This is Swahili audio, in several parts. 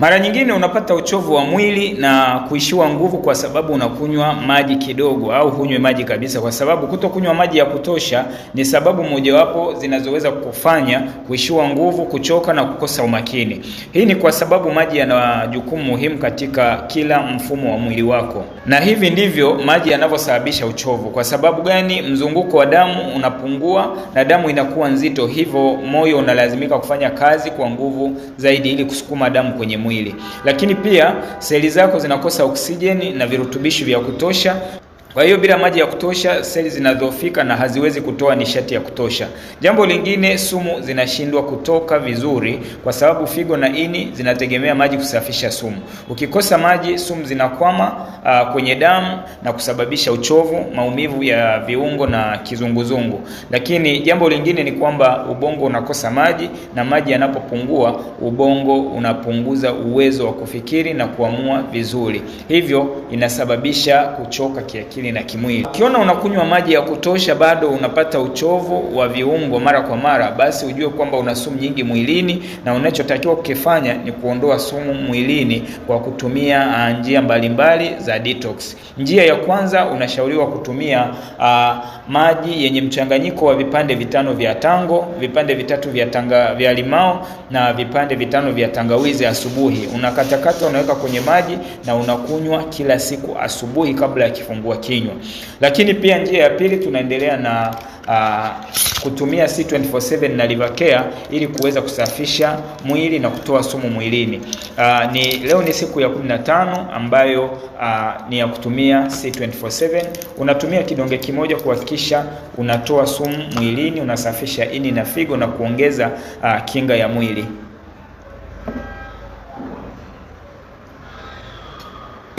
Mara nyingine unapata uchovu wa mwili na kuishiwa nguvu kwa sababu unakunywa maji kidogo au hunywe maji kabisa, kwa sababu kutokunywa maji ya kutosha ni sababu mojawapo zinazoweza kufanya kuishiwa nguvu, kuchoka na kukosa umakini. Hii ni kwa sababu maji yana jukumu muhimu katika kila mfumo wa mwili wako, na hivi ndivyo maji yanavyosababisha uchovu. Kwa sababu gani? Mzunguko wa damu unapungua na damu inakuwa nzito, hivyo moyo unalazimika kufanya kazi kwa nguvu zaidi ili kusukuma damu kwenye mwili, lakini pia seli zako zinakosa oksijeni na virutubishi vya kutosha kwa hiyo bila maji ya kutosha seli zinadhoofika na haziwezi kutoa nishati ya kutosha. Jambo lingine, sumu zinashindwa kutoka vizuri kwa sababu figo na ini zinategemea maji kusafisha sumu. Ukikosa maji, sumu zinakwama uh, kwenye damu na kusababisha uchovu, maumivu ya viungo na kizunguzungu. Lakini jambo lingine ni kwamba ubongo unakosa maji na maji yanapopungua, ubongo unapunguza uwezo wa kufikiri na kuamua vizuri. Hivyo inasababisha kuchoka kiakili kiakili na kimwili. Ukiona unakunywa maji ya kutosha bado unapata uchovu wa viungo mara kwa mara, basi ujue kwamba una sumu nyingi mwilini, na unachotakiwa kukifanya ni kuondoa sumu mwilini kwa kutumia ah, njia mbalimbali za detox. Njia ya kwanza unashauriwa kutumia uh, maji yenye mchanganyiko wa vipande vitano vya tango, vipande vitatu vya tanga vya limao na vipande vitano vya tangawizi asubuhi. Unakatakata, unaweka kwenye maji na unakunywa kila siku asubuhi kabla ya kifungua kinywa kinywa. Lakini pia njia ya pili tunaendelea na uh, kutumia C247 na Liver Care ili kuweza kusafisha mwili na kutoa sumu mwilini. Uh, ni leo ni siku ya 15 ambayo uh, ni ya kutumia C247. Unatumia kidonge kimoja kuhakikisha unatoa sumu mwilini, unasafisha ini na figo na kuongeza uh, kinga ya mwili.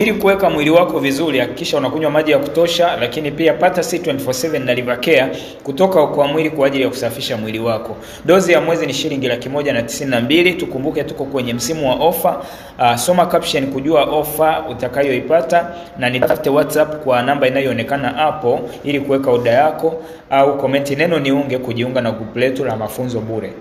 Ili kuweka mwili wako vizuri, hakikisha unakunywa maji ya kutosha, lakini pia pata C24/7 na Livacare kutoka kwa mwili kwa ajili ya kusafisha mwili wako. Dozi ya mwezi ni shilingi laki moja na tisini na mbili. Tukumbuke tuko kwenye msimu wa ofa. Uh, soma caption kujua ofa utakayoipata na nitafute WhatsApp kwa namba inayoonekana hapo ili kuweka oda yako, au komenti neno niunge kujiunga na grupu letu la mafunzo bure.